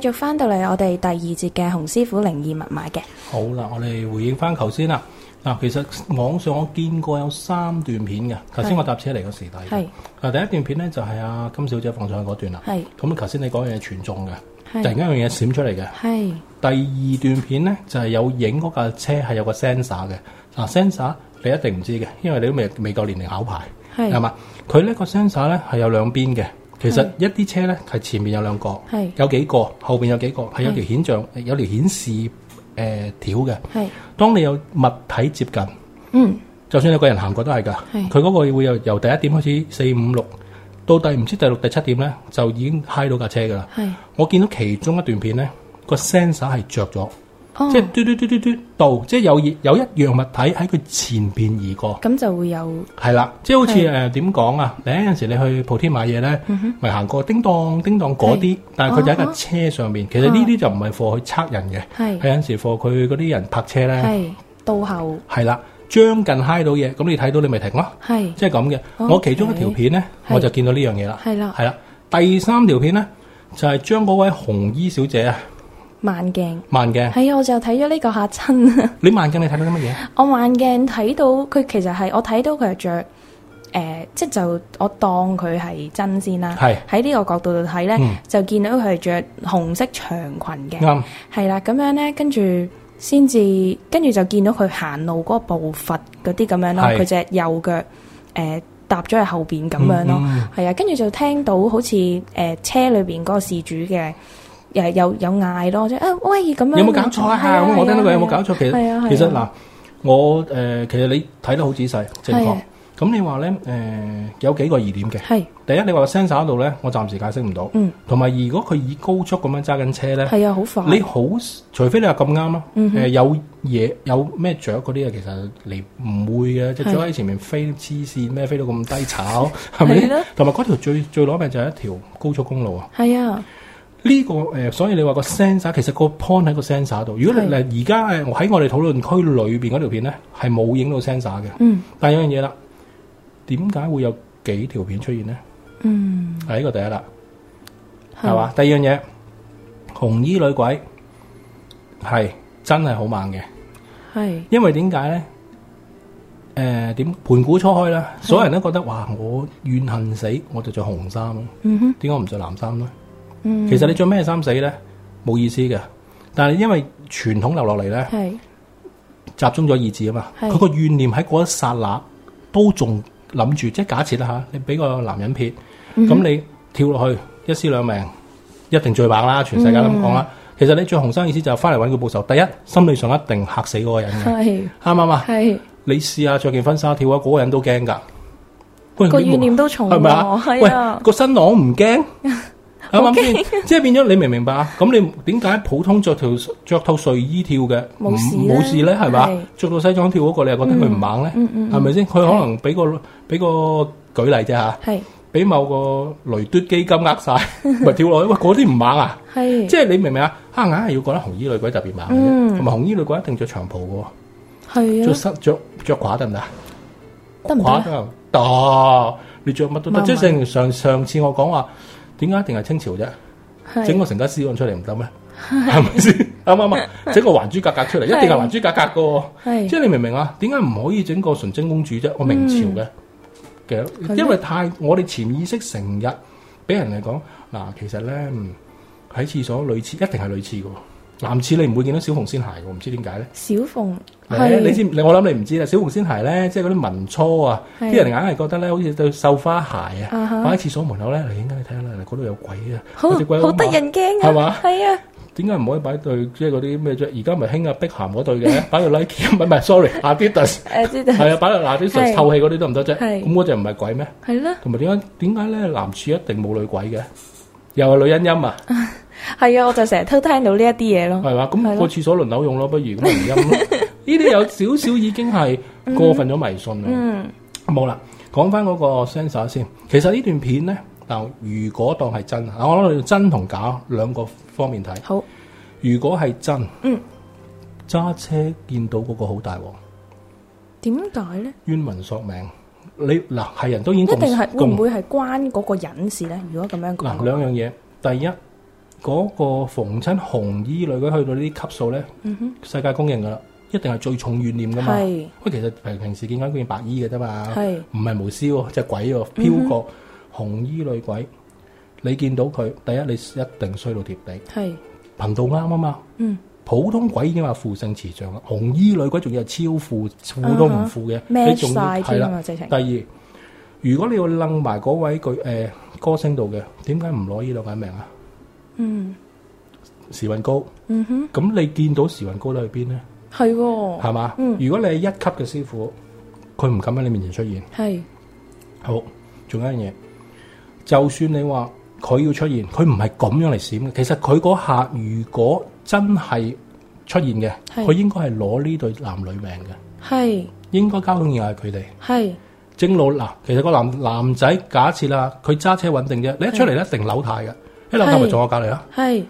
繼續翻到嚟我哋第二節嘅洪師傅靈異密碼嘅。好啦，我哋回應翻頭先啦。嗱，其實網上我見過有三段片嘅。頭先我搭車嚟嘅時第係。啊，第一段片咧就係阿金小姐放上去嗰段啦。係。咁啊，頭先你講樣嘢全中嘅，突然間樣嘢閃出嚟嘅。係。第二段片咧就係有影嗰架車係有個 sensor 嘅。嗱 sensor 你一定唔知嘅，因為你都未未夠年齡考牌，係嘛？佢呢個 sensor 咧係有兩邊嘅。其實一啲車咧，係前面有兩個，係有幾個，後邊有幾個，係有條顯像，有條顯示誒條嘅。係、呃，當你有物體接近，嗯，就算有個人行過都係噶，佢嗰個會由由第一點開始四五六，到第唔知第六第七點咧，就已經嗨到架車噶啦。係，我見到其中一段片咧，個 sensor 係着咗。哦、即係嘟嘟嘟嘟嘟到，到即係有有一，有一樣物體喺佢前面移過，咁就會有係啦。即係好似誒點講啊？你有陣時你去鋪頭買嘢咧，咪、嗯、行過叮噹叮噹嗰啲，但係佢就喺架車上面。啊、其實呢啲就唔係貨去測人嘅，係有陣時貨佢嗰啲人泊車咧，倒後係啦，將近揩到嘢，咁你睇到你咪停咯，係即係咁嘅。我其中一條片咧，我就見到呢樣嘢啦，係啦，係啦。第三條片咧就係、是、將嗰位紅衣小姐啊。慢鏡，慢鏡，係啊！我就睇咗呢個嚇親。你慢鏡你睇到啲乜嘢？我慢鏡睇到佢其實係我睇到佢係着，誒、呃，即係就我當佢係真先啦。係喺呢個角度度睇咧，就見到佢係着紅色長裙嘅。啱係啦，咁樣咧，跟住先至，跟住就見到佢行路嗰個步伐嗰啲咁樣咯。佢隻右腳誒踏咗喺後邊咁樣咯。係、嗯、啊、嗯嗯，跟住就聽到好似誒、呃、車裏邊嗰個事主嘅。誒有有嗌咯，即係啊喂咁樣。有冇搞錯啊？我聽到佢有冇搞錯？其實、啊啊、其實嗱，我、呃、其實你睇得好仔細，正確。咁、啊、你話咧、呃、有幾個疑點嘅、啊？第一，你話個 sensor 度咧，我暫時解釋唔到。同、嗯、埋如果佢以高速咁樣揸緊車咧，係啊好快。你好，除非你話咁啱咯。有嘢有咩雀嗰啲啊？其實你唔會嘅，隻、啊、雀喺前面飛黐線咩？飛到咁低炒係咪？同埋嗰條最最攞命就係一條高速公路啊！係啊。嗯呢、這個誒、呃，所以你話個 sensor 其實個 point 喺個 sensor 度。如果你嚟而家誒，喺我哋討論區裏邊嗰條片咧，係冇影到 sensor 嘅。嗯，但有樣嘢啦，點解會有幾條片出現咧？嗯，係、這、呢個第一啦，係嘛？第二樣嘢，紅衣女鬼係真係好猛嘅，係，因為點解咧？誒點盤古初開啦，所有人都覺得哇，我怨恨死，我就着紅衫咯。嗯、哼，點解唔着藍衫咧？嗯、其實你着咩衫死咧，冇意思嘅。但係因為傳統流落嚟咧，集中咗意志啊嘛。佢個怨念喺嗰一剎那都仲諗住，即係假設啦吓，你俾個男人撇，咁、嗯、你跳落去一屍兩命，一定最猛啦，全世界咁講啦、嗯。其實你着紅衫意思就係翻嚟搵佢報仇。第一心理上一定吓死嗰個人嘅，啱唔啱啊？你試下着件婚紗跳啊，嗰、嗰個人都驚噶。個怨念都重，係咪啊，係啊？喂，個新郎唔驚。 咁、啊、即係變咗，你明唔明白啊？咁你點解普通着條着套睡衣跳嘅冇事咧？係嘛？着到西裝跳嗰、嗰個，你又覺得佢唔猛咧？係咪先？佢、嗯嗯、可能俾個俾個舉例啫吓。係俾某個雷奪基金呃晒咪跳落去 喂？嗰啲唔猛啊！係即係你明唔明啊？硬係要覺得紅衣女鬼特別猛，同、嗯、埋紅衣女鬼一定着長袍嘅，係着身着着褂得唔得？得唔得？得、啊、你着乜都得。即係上上次我講話。點解？一定係清朝啫，整個成家私案出嚟唔得咩？係咪先？啱唔啱？整個還珠格格出嚟，一定係還珠格格噶，喔，即係你明唔明啊？點解唔可以整個純真公主啫？我、嗯、明朝嘅、嘅，因為太我哋潛意識成日俾人嚟講，嗱、啊，其實咧，喺廁所類似，一定係類似噶。男廁你唔會見到小紅仙鞋嘅，唔知點解咧？小鳳係咧，你知？我諗你唔知啦。小紅仙鞋咧，即係嗰啲民初啊，啲人硬係覺得咧，好似對繡花鞋啊，擺喺廁所門口咧，咦？你睇下啦，嗰度有鬼啊！好，好得人驚啊，係嘛？係啊。點解唔可以擺對即係嗰啲咩？即係而家咪興啊碧咸嗰對嘅，擺對 Nike 唔係唔係？Sorry，Adidas，Adidas 係啊，擺對 Nike 純透氣嗰啲都唔得啫？係咁嗰隻唔係鬼咩？係咯。同埋點解？點解咧？男廁一定冇女鬼嘅，又係女人陰啊！係啊，我就成日偷聽到呢一啲嘢咯。係嘛，咁個廁所輪流用咯，不如唔陰咯。呢啲有少少已經係過分咗迷信。嗯，冇啦，講翻嗰個 sense 先。其實呢段片咧，但如果當係真，我諗真同假兩個方面睇。好，如果係真，嗯，揸車見到嗰個好大鑊，點解咧？冤魂索命，你嗱係人都影一定係會唔會係關嗰個隱事咧？如果咁樣講，嗱兩樣嘢，第一。嗰、那個逢親紅衣女鬼去到呢啲級數咧、嗯，世界公認噶啦，一定係最重怨念噶嘛。喂，其實平平時見緊件白衣嘅啫嘛，唔係無私喎，即、就、係、是、鬼喎，飄過紅衣女鬼、嗯，你見到佢第一，你一定衰到貼地。頻道啱啊嘛，嗯，普通鬼已經話負性持象啦，紅衣女鬼仲要超負負都唔負嘅、嗯，你仲係啦。第二，如果你要楞埋嗰位佢、呃、歌星度嘅，點解唔攞呢兩個名啊？嗯，時運高，嗯哼，咁你見到時運高咧去邊呢？係喎，係嘛？嗯，如果你係一級嘅師傅，佢唔敢喺你面前出現。係，好，仲有一樣嘢，就算你話佢要出現，佢唔係咁樣嚟閃嘅。其實佢嗰下如果真係出現嘅，佢應該係攞呢對男女命嘅，係應該交通意外係佢哋，係正路嗱。其實個男男仔假設啦，佢揸車穩定啫，你一出嚟一定扭態嘅。嗰男嘅咪坐我隔籬啦。係，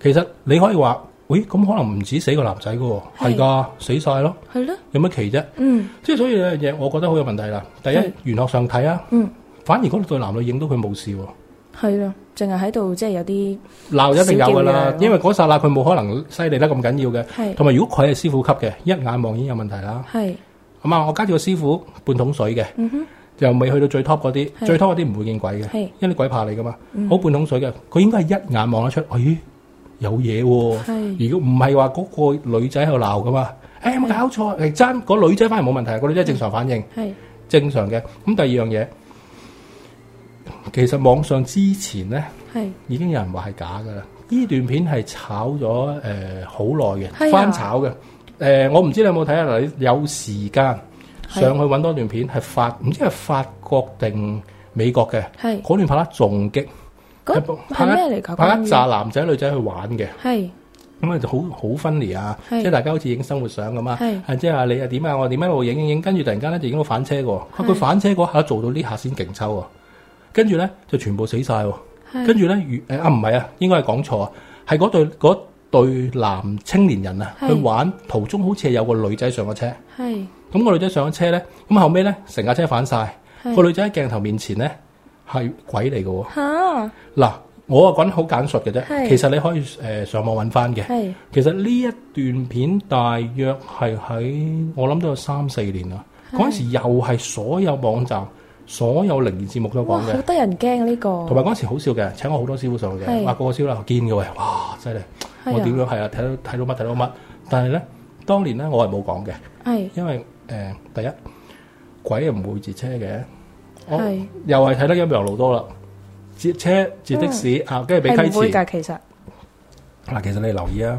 其實你可以話，喂，咁可能唔止死個男仔噶，係噶，死晒咯。係咯。有乜奇啫？嗯。即係所以有樣嘢，我覺得好有問題啦。第一，玄學上睇啊，嗯，反而嗰對男女影到佢冇事。係啊，淨係喺度即係有啲鬧，一定有噶啦。因為嗰剎那佢冇可能犀利得咁緊要嘅。係。同埋如果佢係師傅級嘅，一眼望已經有問題啦。係。咁啊，我加住個師傅半桶水嘅。哼。又未去到最 top 嗰啲，最 top 嗰啲唔會見鬼嘅，因為啲鬼怕你噶嘛，好、嗯、半桶水嘅，佢應該係一眼望得出，哎，有嘢喎、啊。如果唔係話嗰個女仔喺度鬧噶嘛，哎冇、欸、搞錯，係爭個女仔反而冇問題，嗰女仔正常反應，正常嘅。咁第二樣嘢，其實網上之前咧，已經有人話係假噶啦，呢段片係炒咗好耐嘅，翻炒嘅、呃。我唔知你有冇睇下，有時間。上去揾多段片，係法唔知係法國定美國嘅，嗰段拍得仲激。嗰係咩嚟？拍一紮男仔女仔去玩嘅，咁啊就好好分離啊，即係大家好似影生活相咁啊。即係啊，你又點啊，我點啊，我影影影，跟住突然間咧就影到反車喎。啊，佢反車嗰下做到呢下先勁抽啊，跟住咧就全部死曬。跟住咧如誒啊，唔係啊，應該係講錯啊，係嗰對，嗰對男青年人啊，去玩途中好似係有個女仔上個車。咁、那個女仔上咗車咧，咁後尾咧成架車反晒，個女仔喺鏡頭面前咧係鬼嚟嘅喎。吓嗱，我啊講好簡述嘅啫，其實你可以誒、呃、上網搵翻嘅。係其實呢一段片大約係喺我諗都有三四年啦。嗰陣時又係所有網站、所有靈異節目都講嘅。哇，好得人驚呢、這個！同埋嗰陣時好笑嘅，請我好多師傅上嘅，話個個燒啦，見嘅喎，哇，犀利、啊！我點樣係啊？睇到睇到乜睇到乜？但係咧，當年咧我係冇講嘅，係因為。誒，第一，鬼又唔會截車嘅，哦，是又唔會截車嘅，我又係睇得陰陽路多啦，截車截的士，嗯，啊，跟住俾雞翼。其實嗱，啊，其實你留意啊，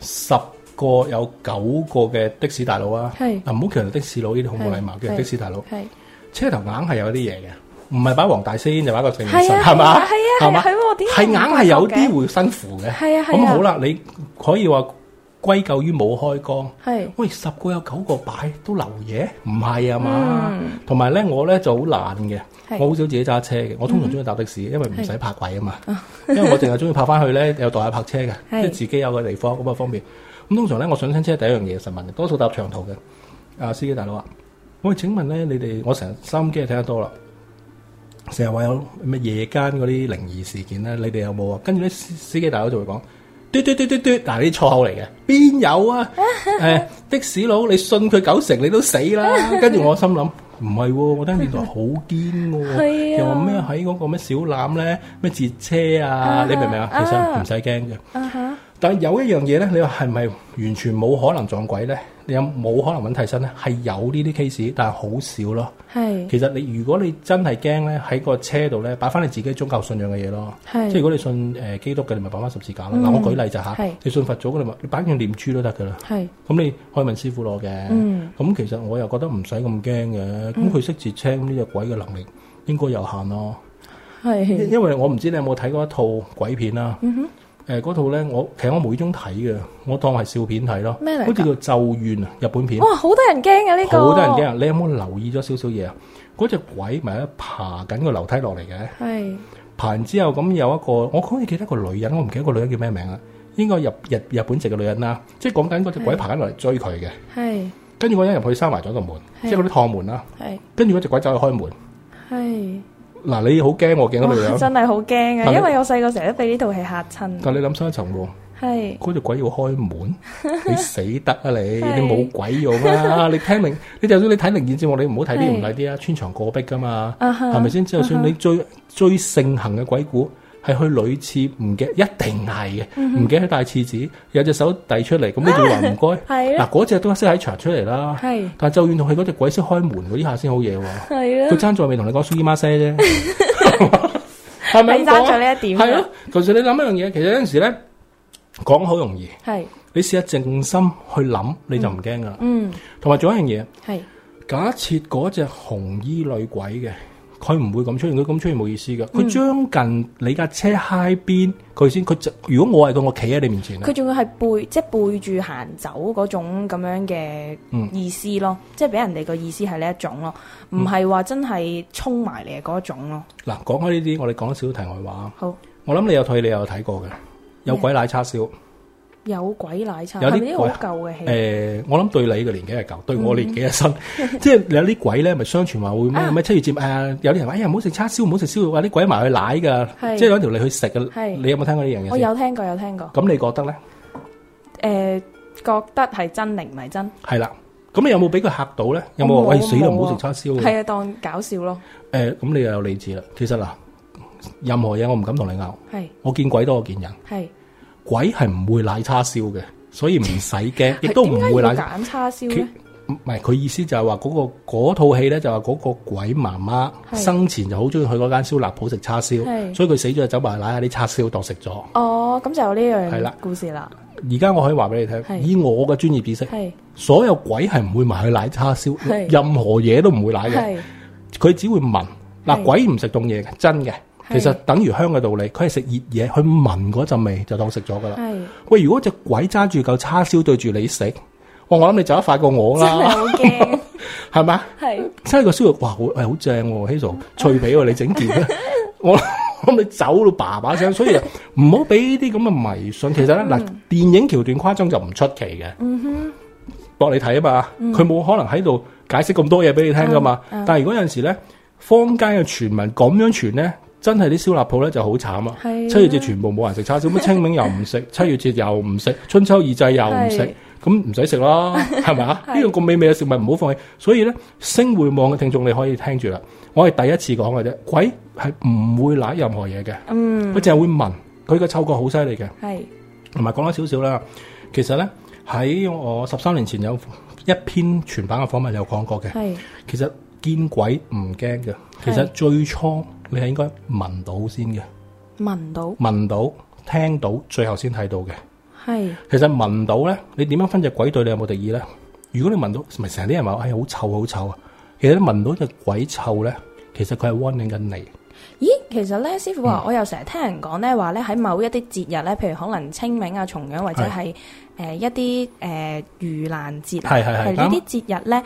十個有九個嘅的，的士大佬啊，嗱唔好叫人哋的士佬呢啲好冇禮貌，叫，啊，的士大佬。係車頭硬係有啲嘢嘅，唔係擺黃大仙就擺個正念神，係嘛？係啊，係嘛？係點係硬係有啲會辛苦嘅。係啊，咁，啊，好啦，你可以話。歸咎於冇開光，喂十個有九個擺都留嘢，唔係啊嘛。同埋咧，我咧就好懶嘅，我好少自己揸車嘅，我通常中意搭的士，嗯、因為唔使泊位啊嘛。因為我淨係中意泊翻去咧，又代下泊車嘅，即自己有個地方咁啊方便。咁、嗯、通常咧，我上親車第一樣嘢實問多數搭長途嘅啊司機大佬啊，喂，請問咧你哋我成日收音機睇得多啦，成日話有咩夜間嗰啲靈異事件咧，你哋有冇啊？跟住呢，司機大佬就會講。嘟，嘟嘟嘟嘟嘟，嗱、啊、你錯口嚟嘅，邊有啊？誒、 呃、的士佬，你信佢九成你都死啦！跟 住我心諗，唔係喎，我聽住、啊、 個好堅喎，又話咩喺嗰個咩小欖咧咩截車啊？ 你明唔明啊？其實唔使驚嘅。 但係有一樣嘢咧，你話係咪完全冇可能撞鬼咧？你有冇可能揾替身咧？係有呢啲 case，但係好少咯。係其實你如果你真係驚咧，喺個車度咧，擺翻你自己宗教信仰嘅嘢咯。係即係如果你信基督嘅，你咪擺翻十字架啦。嗱、嗯，我舉例就吓，你信佛祖嘅，你咪擺件念珠都得噶啦。係咁，你可以問師傅攞嘅。咁、嗯、其實我又覺得唔使咁驚嘅。咁佢識截車呢隻鬼嘅能力應該有限咯。係因為我唔知你有冇睇過一套鬼片啦、啊。嗯、哼。誒嗰套咧，我其實我冇意中睇嘅，我當係笑片睇咯。咩嚟？好似叫咒怨啊，日本片。哇！好多人驚啊呢個。好多人驚啊！你有冇留意咗少少嘢啊？嗰隻鬼咪喺爬緊個樓梯落嚟嘅。係。爬完之後咁有一個，我好似記得個女人，我唔記得個女人叫咩名啦，應該日日日本籍嘅女人啦。即係講緊嗰隻鬼爬緊落嚟追佢嘅。係。跟住嗰人入去閂埋咗個門，即係嗰啲趟門啦。係。跟住嗰隻鬼走去開門。係。嗱，你好驚我見到你樣，真係好驚啊，因為我細個成日都俾呢套戲吓親。但你諗深一層喎、啊，係嗰隻鬼要開門， 你死得啊你！ 你冇鬼用啊！ 你聽明？你就算你睇靈異節目，你唔好睇啲唔睇啲啊，穿牆過壁噶嘛，係咪先？就、uh、算 -huh. 你最最盛行嘅鬼故。係去女廁唔嘅一定係嘅，唔記得帶廁紙，有隻手遞出嚟，咁你就話唔該。嗱，嗰隻都識喺牆出嚟啦，但係就願同佢嗰隻鬼識開門，呢下先好嘢。佢爭在未同你講 supermarket 啫，係咪爭在呢一點？係咯，其實你諗一樣嘢，其實有陣時咧講好容易，係你試下靜心去諗，你就唔驚噶啦。嗯，同埋仲一樣嘢，係假設嗰隻紅衣女鬼嘅。佢唔會咁出現，佢咁出現冇意思嘅。佢將近你架車喺邊，佢、嗯、先佢如果我係到我企喺你面前。佢仲要係背，即係背住行走嗰種咁樣嘅意思咯，嗯、即係俾人哋嘅意思係呢一種咯，唔係話真係衝埋嚟嗰種咯。嗱、嗯嗯，講開呢啲，我哋講少少題外話。好，我諗你有退，你有睇過嘅，有鬼奶叉燒。嗯有鬼奶叉燒，有啲好舊嘅戲。誒，我諗對你嘅年紀係舊，對我年紀係新。即係有啲鬼咧，咪相傳話會咩咩七月節，誒，有啲人話：誒，唔好食叉燒，唔好食燒肉，話啲鬼埋去奶噶，即係攞條脷去食嘅。你有冇聽過呢樣嘢？我有聽過，有聽過。咁你覺得咧？誒，覺得係真靈唔係真？係啦。咁你有冇俾佢嚇到咧？有冇喂死又唔好食叉燒？係啊，當搞笑咯。誒，咁你又有理智啦？其實嗱，任何嘢我唔敢同你拗。係。我見鬼多過見人。係。鬼係唔會舐叉燒嘅，所以唔使驚，亦都唔會舐。 揀叉燒咧，唔係佢意思就係話嗰個套戲咧就話嗰個鬼媽媽生前就好中意去嗰間燒臘鋪食叉燒，所以佢死咗就走埋舐下啲叉燒當食咗。哦，咁就呢樣係啦，故事啦。而家我可以話俾你聽，以我嘅專業知識，係所有鬼係唔會埋去舐叉燒，任何嘢都唔會舐嘅，佢只會聞。嗱，鬼唔食凍嘢嘅，真嘅。其實等於香嘅道理，佢係食熱嘢，去聞嗰陣味就當食咗噶啦。喂，如果隻鬼揸住嚿叉燒對住你食，哇！我諗你就得快過我啦，係嘛？係真係個燒肉哇，好好正，希鬆、啊、 脆皮、啊，你整件。 我諗你走到爸爸聲。所以唔好俾呢啲咁嘅迷信。其實咧，嗱、嗯，電影橋段誇張就唔出奇嘅。嗯哼，博你睇啊嘛，佢、嗯、冇可能喺度解釋咁多嘢俾你聽噶嘛。嗯嗯、但係如果有陣時咧，坊間嘅傳聞咁樣傳咧。真係啲燒臘鋪咧就好慘啊！七月節全部冇人食叉燒，乜清明又唔食， 七月節又唔食，春秋二祭又唔食，咁唔使食啦，係咪啊？呢樣咁美味嘅食物唔好放棄。所以咧，星匯望嘅聽眾你可以聽住啦。我係第一次講嘅啫，鬼係唔會揦任何嘢嘅，嗯，佢淨係會聞，佢嘅嗅覺好犀利嘅，係。同埋講咗少少啦，其實咧，喺我十三年前有一篇全版嘅訪問有講過嘅，係其實見鬼唔驚嘅，其實最初。你係應該聞到先嘅，聞到、聞到、聽到，最後先睇到嘅。係，其實聞到咧，你點樣分隻鬼對你有冇敵意咧？如果你聞到，唔係成日啲人話，唉、哎，好臭，好臭啊！其實你聞到隻鬼臭咧，其實佢係 warning 緊你。咦，其實咧，師傅話我又成日聽人講咧，話咧喺某一啲節日咧，譬如可能清明啊、重陽或者係誒、呃、一啲誒盂蘭節，係係係呢啲節日咧，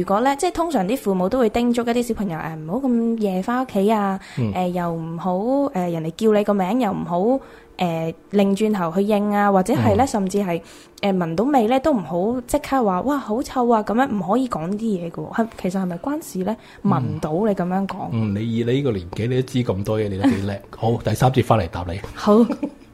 如果咧即係通常啲父母都會叮囑一啲小朋友誒，唔好咁夜翻屋企啊，誒、嗯呃、又唔好誒、呃、人哋叫你個名又唔好。誒、呃，擰轉頭去應啊，或者係咧，嗯、甚至係誒，聞、呃、到味咧都唔好即刻話哇，好臭啊！咁樣唔可以講啲嘢㗎，係其實係咪關事咧？聞唔到你咁樣講，嗯，你以你呢個年紀，你都知咁多嘢，你都幾叻。 好，第三節翻嚟答你。好。